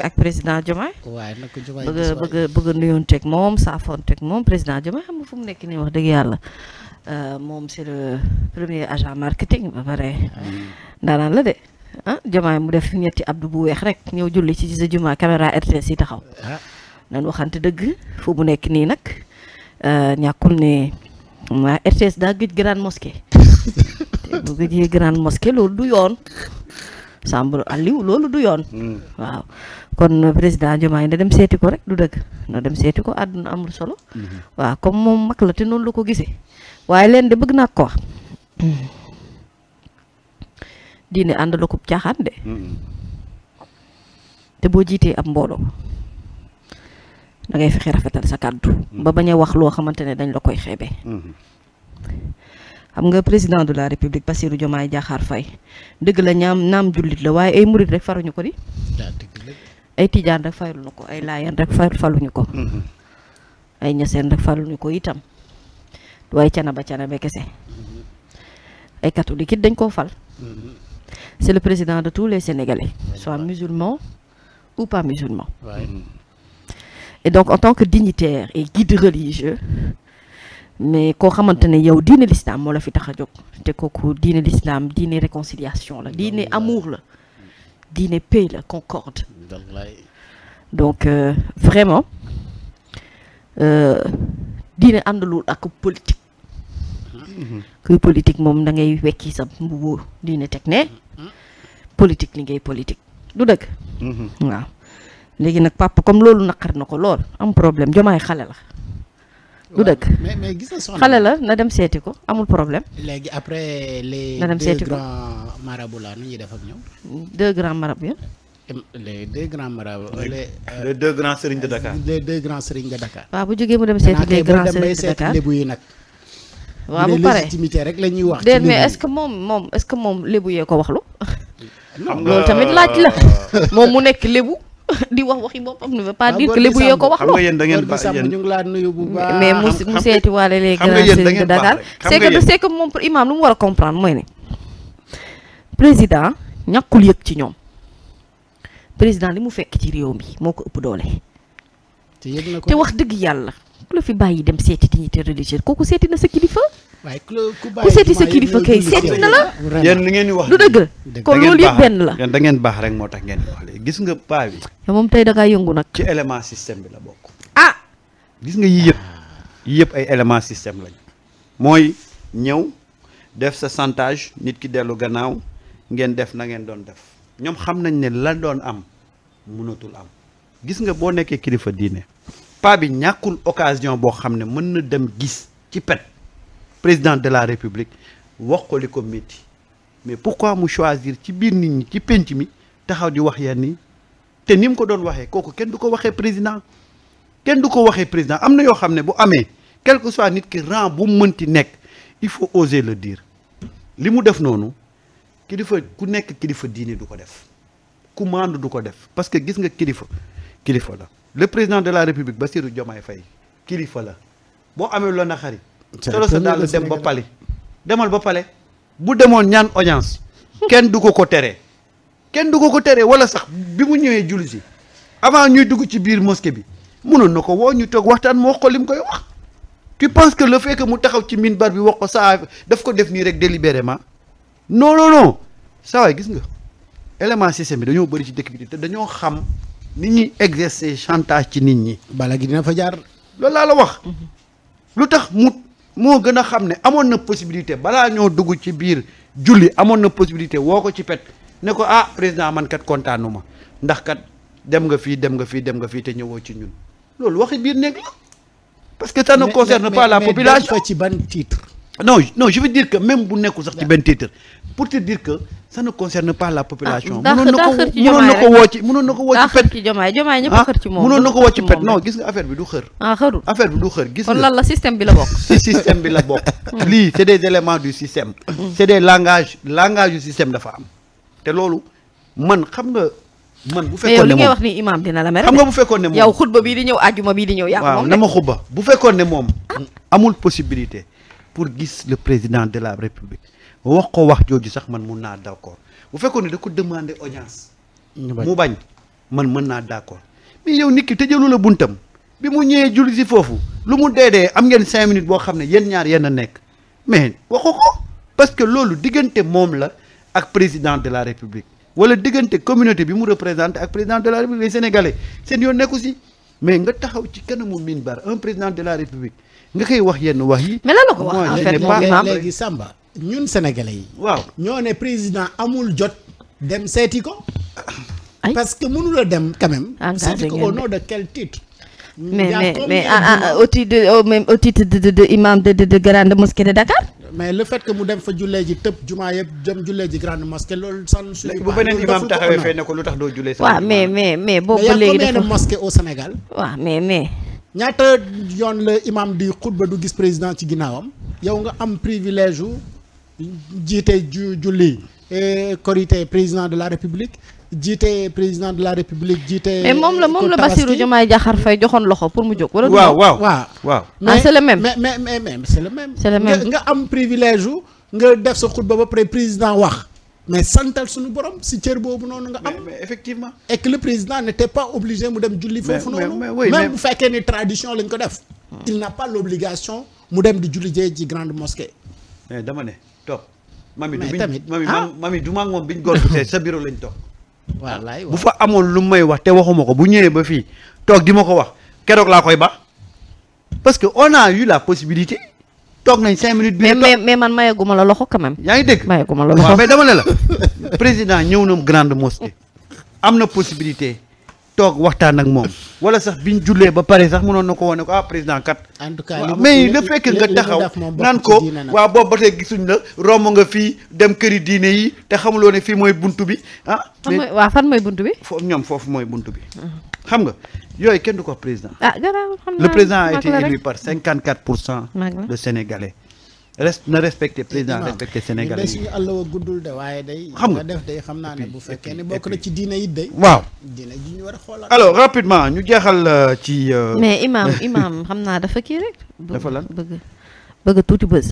ak président Diomaye. waaye nag bëgg bëgg bëgg a nuyoon teg moom saafoon teg moom président Diomaye xam nga fu mu nekk ni wax dëgg yàlla euh, moom c'est le premier agent marketing ba pare. ndaanaan la de ah mu def ñetti abdu bu weex rek ñëw julli ci sa juma caméra RTS yi taxaw. Ah. nan waxante dëgg fu mu nekk nii nag euh, ñàkkul ne waa RTS daa gëj grande mosquée. te bu gëjee grande mosquée loolu du yoon. Samb Aliou loolu du yoon. Hmm. waaw kon président Diomaye na dem seeti ko rek du dëkk na dem seeti ko àdduna am amul solo. Hmm. waaw comme moom mag la te noonu la ko gisee waaye leen de bëgg naa ko wax. diine ànd la ko caaxaan de. Hmm. te boo jiitee ab mbooloo da ngay fexe rafetal sa kàddu. ba bañ a wax loo xamante ne dañ la koy xeebe. xam nga président de la république Bassirou Diomaye Diakhar Faye dëgg la ñaam naam jullit la waaye ay murit rek faruñu ko di ay tijaan rek faruñu ko ay laayeen rek far faluñu ko mm-hmm. ay ñaseen rek faluñu ko itam waaye cana ba cana ba kese mm-hmm. ay catholique it dañ koo fal mm-hmm. c'est le président de tous les Sénégalais soit musulman ou pas musulman et donc en tant que dignitaire et guide religieux mais koo xamante ne yow diine l'islam moo la fi tax a jóg te kooku diine l'islam diine réconciliation la diine amour la diine paix la concorde donc euh, vraiment euh, diine àndalul ak politique mm-hmm. kuy politique moom da ngay wekki sa mbubu diine teg ne mm-hmm. politique li ngay politique du dëkk mm-hmm. waaw léegi nag papa comme loolu naqar na ko lool am problème jomaay xale la du dëkk gis na soxna xale la na dem seeti ko amul problème. léegi après les deux grands marabouts la nu ñuy def ak ñoom. deux grands marabouts ya. les deux grands marabouts. les euh, les deux grands sëriñ de Dakar. les deux grands sëriñ de Dakar. waaw bu jógee mu dem seeti les grands sëriñ de Dakar lébu yi nag. waaw bu paree légitimité rek la ñuy wax. déedéet mais est-ce que moom moom est-ce que moom lébu yee ko waxlu. loolu tamit laaj la euh, moom mu nekk lébu. di wax waxi boppam ne veut pas ah, dire que lébu yoo ko wax loo da ngeen baax mais mu seeti waale les grands sëriñ de Dakar c'est que c'est moom imam lu mu war a comprendre mooy ne président ñàkkul yëg ci ñoom président li mu fekk ci réew mi moo ko ëpp doole te wax dëgg yàlla ku la fi bàyyi dem seeti dignité religieuse kooku seeti na sa kilifa. waaye ku seeti sa kilifa kay seeti na la. yéen li ngeen di wax du dëgg. kon loolu yëpp benn la da ngeen baax rek moo tax ngeen di wax léegi gis nga paa bi. moom tey da ngaa yëngu nag. ci élément bi la bokk. ah. nga yii yëpp ay élément système lañ mooy ñëw def sa chantage nit ki dellu gannaaw ngeen def na ngeen doon def ñoom xam nañ ne lan doon am mënatul am gis nga boo nekkee kilifa diine pa bi ñàkkul occasion boo xam ne mën na dem gis ci pet président de la république wax ko li ko métti mais pourquoi mu choisir ci biir nit ñi ci pénc mi taxaw di wax yenn yi te ni mu ko doon waxee kooku kenn du ko waxee président kenn du ko waxee président am na yoo xam ne bu amee quelque que soit nit ki rang bu mu mënti nekk il faut oser le dire li mu def noonu kilifa ku nekk kilifa diine du ko def ku maandu du ko def parce que gis nga kilifa kilifa la le président de la république Bassirou Diomaye fay kilifa la boo amee loo na xari solo sa daal dem ba pale demal ba pale bu demoon ñaan audience kenn du ko ko teree kenn du ko ko teree wala sax bi mu ñëwee julli yi avant ñuy dugg ci biir mosquée bi munoon na ko woo ñu toog waxtaan mu wax ko li koy wax tu penses que le fekk mu taxaw ci minbar bi wax ko saa daf ko def nii rek délibérément non non saa waay gis nga élément système bi dañoo bëri ci dëkk dañoo xam ni ñuy exercer chantage ci nit ñi. bala gi dina fa jaar. loolu laa la wax. lu tax mu moo gën a xam ne amoon na possibilité balaa ñoo dugg ci biir julli amoon na possibilité woo ko ci pet ne ko ah président man kat kontaanu ma ndax kat dem nga fii dem nga fii dem nga fii te ñëwoo ci ñun loolu waxi biir néeg la parce que ça ne concerne pas la population mais ci ban titre. non non je veux dire que même bu nekkul sax ci benn titre pour te dire que ça ne concerne pas la population. ah na ko mënoon na ko woo ci mënoon ah, na ko woo ci pet. ci jomaay jomaay ñëpp xër ci moom mënoon na ko woo ci pet non gis nga affaire bi du xër. Ah, affaire bi du xër gis nga kon bi du système. Mm. c' est langage système dafa am. te loolu man xam nga. man bu fekkoon ne moom mais yow li ngay wax ni imam dina nga bu fekkoon ne moom yow xutba bii di ñëw na ma xutba bu fekkoon ne moom ah. amul possibilité pour gis le président de la république wax ko wax jooju sax man mun naa d' accord bu fekkoon ne da ko demander audience. mu bañ man mën naa d' accord. yow nit ki tëjalu la buntam bi mu ñëwee julli si foofu lu mu dee dee am ngeen cinq minutes boo xam ne yéen ñaar yéen nekk mais waxu ko parce que loolu diggante moom la ak président de la république wala diggante communauté bi mu représenté ak président de la république les sénégalais seen yoon nekku si mais nga taxaw ci kanamu minbar un président de la république. nga koy wax yenn wax yi. mais lan la ko wax en fait Samba ñun sénégalais yi. waaw ñoo ne président amul jot dem seeti ko. parce que mënula dem quand même. seeti ko au nom de mais mais mais ah, ah, au titre de même au titre de de imam de de grande de fa jullee ji tëb jumaa yëpp dem ji grande mosquée loolu. sànni suñu bu beneen imam taxawee fee ne ko lu tax doo jullee. waaw mais mais mais boobu ba au Sénégal. waaw mais mais. ñaata yoon la imam di xutba du gis président ci ginnaawam yow nga am privilège u jiite ju julli eh, korité président de la république jiite président de la république jiite. mais moom la moom la Bassirou Diomaye Diakhar Faye joxoon loxo pour mu jóg. wala waaw waaw waaw. mais c'est le même mais mais mais c'est le même. c'est le même nga am privilège nga def sa xutba ba pare président wax. mais santal suñu borom si cër boobu noonu nga am. mais effectivement. et que le président n'était pas obligé mu dem julli foofu noonu. même bu fekkee ni tradition lañ ko def. Hmm. il n'a pas l'obligation mu dem di julli jee ji grande mosquée. mais dama ne toog. mami du tamit mami ah! mami du ma moom biñ golfutee sa bureau lañ toog. wallaay bu fa amoon lu may wax te waxuma ko bu ñëwee ba fii toog di ma ko wax keroog laa koy ba parce que on a eu la possibilité. toog nañ cinq minutes. bi mais mais man mayaguma la loxo quand même. yaa ngi dégg mayaguma la loxo waaw mais dama ne la président ñëw na grande mosquée am na possibilité toog waxtaan ak moom wala sax biñ jullee ba pare sax mënoon na ko wane ko ah président kat. en tout cas mais le fekk nga taxaw naan ko waaw boobu ba tey gisuñ la romb nga fii dem këri diine yi te xamuloo ne fii mooy buntu bi ah. mais waaw fan mooy buntu bi. foofu ñoom foofu mooy buntu bi. Mm-hmm. xam nga yooyu kenn du ko président. ah gannaaw xam naa le président a été élu par 54 pour cent. de sénégalais. reste na respecté président respecté sénégalais yi. guddul de waaye day. xam nga def day xam naa ne bu fekkee ne bokk na ci diine yi day. waaw diine ji ñu war a xoolaat. alors rapidement ñu jeexal euh, ci. Euh, mais imam imam xam naa dafa kii rek. dafa lan bëgg bëgg tuuti bës.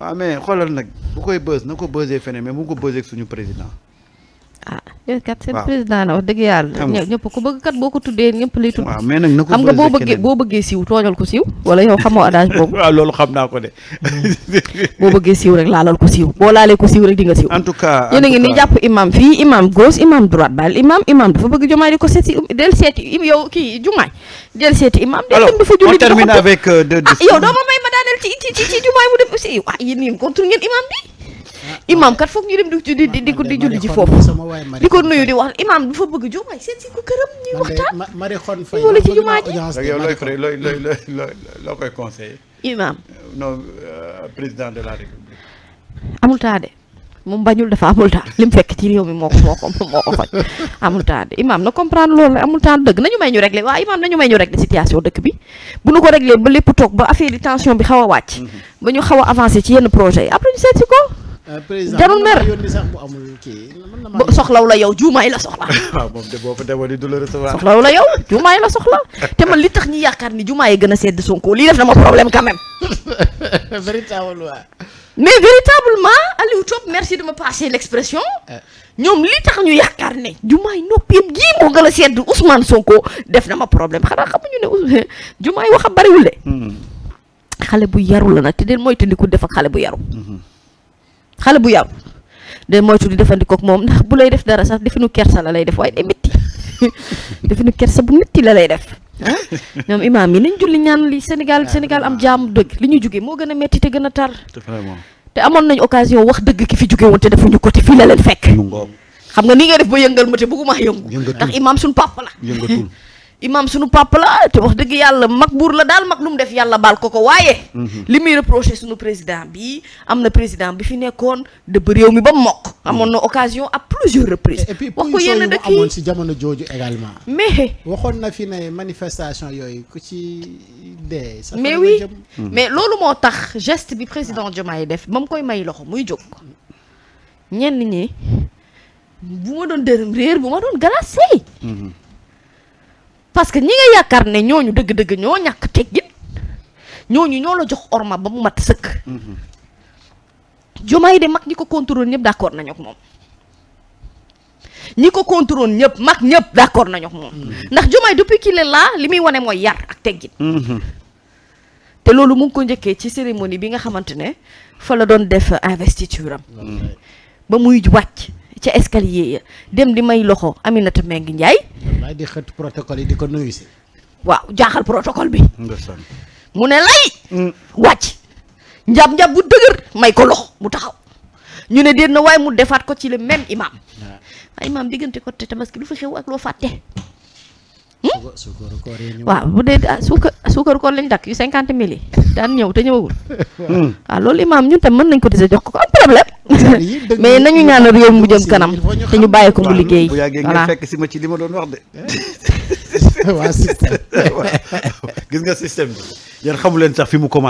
waaw ah, mais xoolal nag bu koy bës na ko bësee feneen mais mu ko bësee ak suñu président. kat eh, seen président la wax dëgg yàlla ñëpp ku bëgg kat boo ko tuddee ñëpp lay tudd waaw mais xam nga boo bëggee siiw tooñal ko siiw wala yow xamoo adage boobu loolu xam naa ko de boo bëggee siiw rek laalal ko siiw boo laalee ko siiw rek di siiw en a ngi nii jàpp imam fii imam gauche imam droite baal imam imam dafa bëgg jumaay di ko seeti del seeti yow kii jumaay del seeti imam del dem dafa julli di euh, ah, doo ma may ma daaneel ci jumaay mu dem aussi ah yéen imaam kat foog ñu dem di di di di julli ji foofu ko nuyu di wax imaam ko këram ñuy waxtaan. loolu la ci euh, de la république. amul taa de moom bañul dafa amul taa li fekk ci moo ko moo ko moo ko xoj amul taa de imaam na comprendre loolu amul taa dëgg nañu may ñu régler waaw imaam nañu may ñu régler situation dëkk bi bu nu ko régler ba lépp toog ba affaire yi tension bi xaw a wàcc. Mhm. ba ñu xaw a avancer ci yenn projet yi après ñu seet ko. Euh, jarul mer soxlaw la yow juumaay la soxla soxlaw la yow juumaay la soxla te man li tax ñu yaakaar ni juumaay gën a sedd Sonko lii def na ma problème quand même véritablement mais véritablement Aliou Top merci de me l'expression euh. ñoom li tax ñu yaakaar ne jumaay nopp yëpp gii moo gën a sedd Ousmane Sonko def na ma problème xanaa xamuñu ne jumaay wax a bariwul de hmm. xale bu yaru la nag te den mooy tandiku def ak xale bu yaru hmm. xale bu yàqu de moytu di defandikook moom ndax bu lay def dara sax definu kersa la lay def waaye day métti definu kersa bu métti la lay def ah ñoom imaam yi nañ julli ñaan li Sénégal Sénégal am jaam dëgg li ñu jugee moo gën a métti te gën a tar te amoon nañ occasion wax dëgg ki fi jugee woon te defuñu ko te fii la leen fekk xam nga ni ngay def ba yëngal ma te bëgguma yëngu ndax imaam suñ papa la imaam suñu papa la wax dëgg yàlla mag buur la daal mag lu mu def yàlla baal ko ko waaye. Mhm. li muy reproché sunu président bi am na président bi fi nekkoon dëbb réew mi ba mokk. Mhm. amoon na occasion à plusieurs reprises. wax ko yenn dëkk yi si jamono jooju également. mais waxoon na fi ne manifestation yooyu ku ci dee. mais loolu moo tax geste bi président Diomaye def ba mu koy may loxo muy jóg. ñenn ñi bu ma doon dërëm réer bu ma doon galasé. parce que ñi nga yaakaar ne ñooñu dëgg-dëgg ñoo ñàkk teggin ñooñu ñoo la jox orma ba mu mat sëkk. Diomaye mm-hmm. de mag ñi ko contrôle ñëpp d'accord nañu ak moom. ñi ko contrôle ñëpp mag ñëpp d'accord nañu ak moom. Mm-hmm. ndax Diomaye depuis qu'il laa li muy wane mooy yar ak teggin. Mm-hmm. te loolu mu ngi ko njëkkee ci cérémonie bi nga xamante ne fa la doon def investiture am. ba muy wàcc ca escalier ya dem li may loxo Aminata Mbengue Ndiaye. waaye di xët protocole yi di ko nuyu si. waaw jaaxal protocole bi. mu ne lay. Mm. wàcc. njab njab bu dëgër may ko loxo mu taxaw. ñu ne déet na waaye mu defaat ko ci le même imam. waaw imam diggante ko te tabaski lu fa xew ak loo fàtte. Hmm? suukaru koor yi waaw bu dee ah, suuka suukaru koor lañ dakk yu cinquante mille yi daan ñëw te ñëwagul. Hmm. waaw loolu imam ñun tam mën nañ ko dise jox ko am problème. mais nañu ñaanal réew mu jëm kanam te ñu bàyyi ko mu liggéey. bu yàggee ngeen fekk si ma ci li ma doon wax de. waa système. gis nga système bi. yéen xamu leen sax fi mu commencé.